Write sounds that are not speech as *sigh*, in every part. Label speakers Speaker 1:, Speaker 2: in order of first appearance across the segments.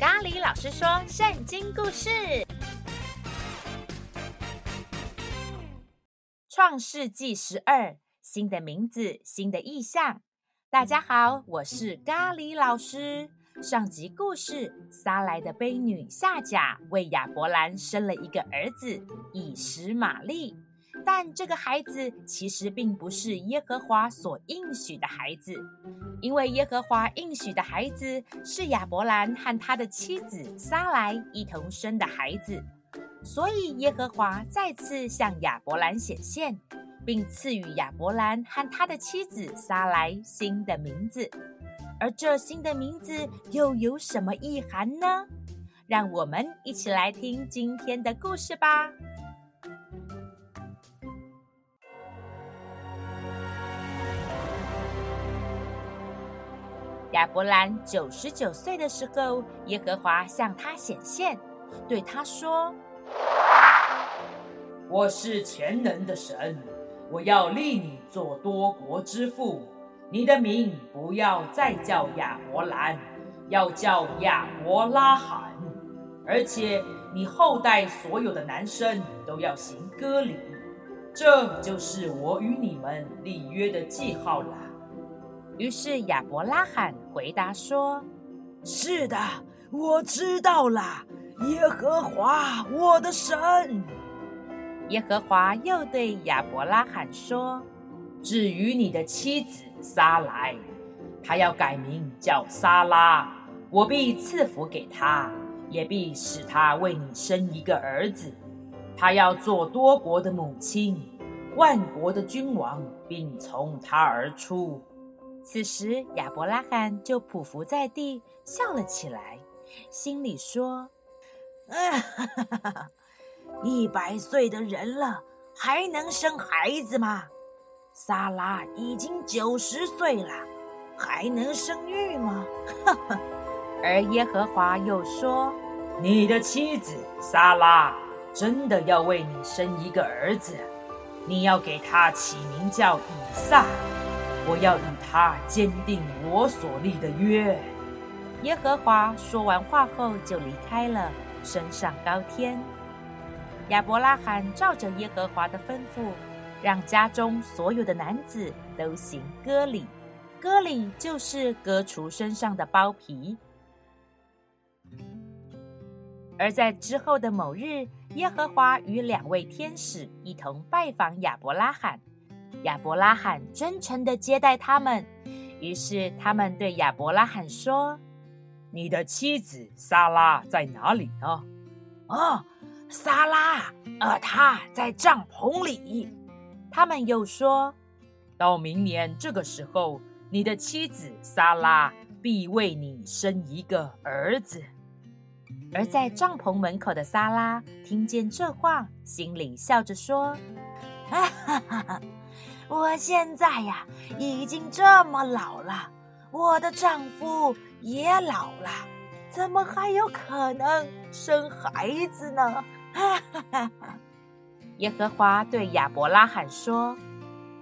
Speaker 1: 咖喱老師說聖經故事，《創世記》十二，新的名字，新的異象。大家好，我是咖喱老師。上集故事，撒萊的婢女夏甲為亞伯蘭生了一個兒子以實瑪利。但這個孩子其實並不是耶和華所應許的孩子，因為耶和華應許的孩子是亞伯蘭和他的妻子撒萊一同生的孩子。所以耶和華再次向亞伯蘭顯現，並賜予亞伯蘭和他的妻子撒萊新的名字。而這新的名字又有什麼意涵呢？讓我們一起來聽今天的故事吧！亞伯蘭九十九歲的時候，耶和華向他顯現，對他說：“我是全能的神，我要立你做多國之父。你的名不要再叫亞伯蘭，要叫亞伯拉罕。而且你後代所有的男生都要行割禮，這就是我與你們立約的記號了。”於是亞伯拉罕回答說：“是的，我知道了，耶和華我的神。”耶和華又對亞伯拉罕說：“至於你的妻子撒萊，她要改名叫撒拉，我必賜福給她，也必使她為你生一個兒子。他要做多國的母親，萬國的君王，並從他而出。”此時，亞伯拉罕就匍匐在地笑了起來，心裡說、啊哈哈：“一百歲的人了，還能生孩子嗎？撒拉已經九十歲了，還能生育嗎？”哈哈，而耶和華又說：“你的妻子撒拉真的要為你生一個兒子，你要給他起名叫以撒。”我要與他堅定我所立的約。耶和華說完話後就離開了，升上高天。亞伯拉罕照着耶和華的吩咐，讓家中所有的男子都行割禮，割禮就是割除身上的包皮。而在之後的某日，耶和華與兩位天使一同拜訪亞伯拉罕。亞伯拉罕真誠地接待他們，於是他們對亞伯拉罕說：“你的妻子撒拉在哪裡呢？”“哦，撒拉，而、呃、她在帳篷裡。”他們又說：“到明年這個時候，你的妻子撒拉必為你生一個兒子。”而在帳篷門口的撒拉聽見這話，心裡笑着說。啊哈哈！ *laughs* 我現在呀，已經這麼老了，我的丈夫也老了，怎麼還有可能生孩子呢？哈！哈哈。耶和華對亞伯拉罕說：“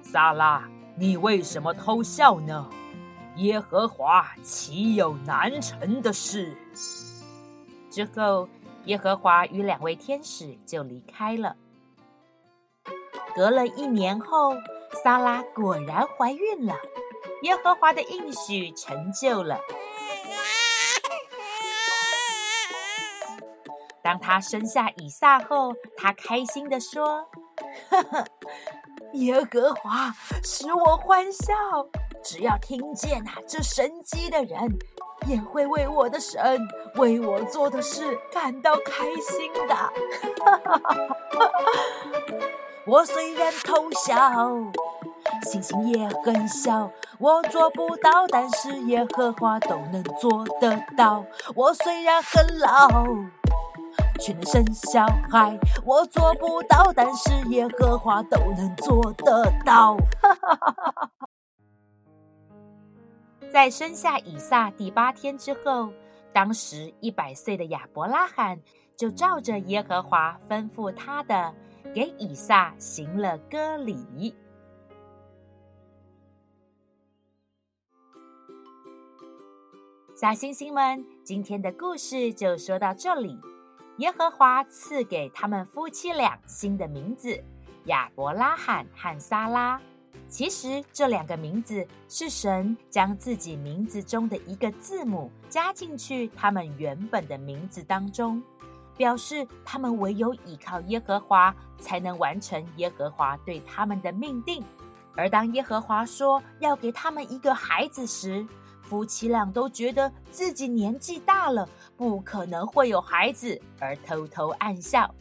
Speaker 1: 撒拉，你為什麼偷笑呢？”耶和華豈有難成的事？之後，耶和華與兩位天使就離開了。隔了一年後，撒拉果然懷孕了，耶和華的應許成就了。當他生下以撒後，他開心地說：“ *laughs* 耶和華使我歡笑，只要聽見吶、啊、這神蹟的人，也會為我的神為我做的事感到開心的。 *laughs* ”我雖然偷笑，星星也很小，我做不到，但是耶和華都能做得到。我雖然很老，卻能生小孩，我做不到，但是耶和華都能做得到。 *laughs* 在生下以撒第八天之後，當時一百歲的亞伯拉罕就照着耶和華吩咐他的。給以撒行了個禮。小星星們，今天的故事就說到這裡。耶和華賜給他們夫妻倆新的名字——亞伯拉罕和撒拉。其實這兩個名字是神將自己名字中的一個字母加進去他們原本的名字當中。表示他們唯有依靠耶和華，才能完成耶和華對他們的命定。而當耶和華說要給他們一個孩子時，夫妻倆都覺得自己年紀大了，不可能會有孩子，而偷偷暗笑。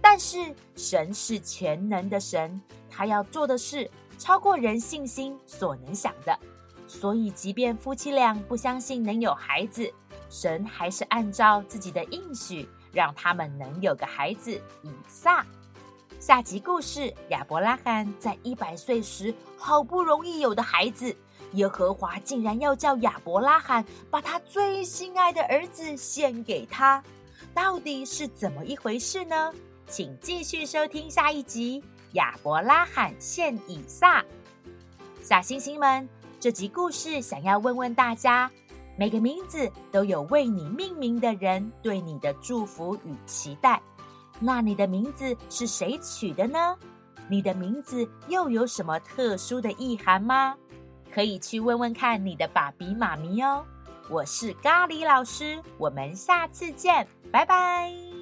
Speaker 1: 但是神是全能的神，他要做的事超過人信心所能想的，所以即便夫妻倆不相信能有孩子，神還是按照自己的應許。讓他們能有個孩子以撒。下集故事：亞伯拉罕在一百歲時好不容易有的孩子，耶和華竟然要叫亞伯拉罕把他最心愛的兒子獻給他，到底是怎麼一回事呢？請繼續收聽下一集《亞伯拉罕獻以撒》。小星星們，這集故事想要問問大家。每個名字都有為你命名的人對你的祝福與期待，那你的名字是誰取的呢？你的名字又有什麼特殊的意涵嗎？可以去問問看你的爸比媽咪哦。我是咖哩老師，我們下次見，拜拜。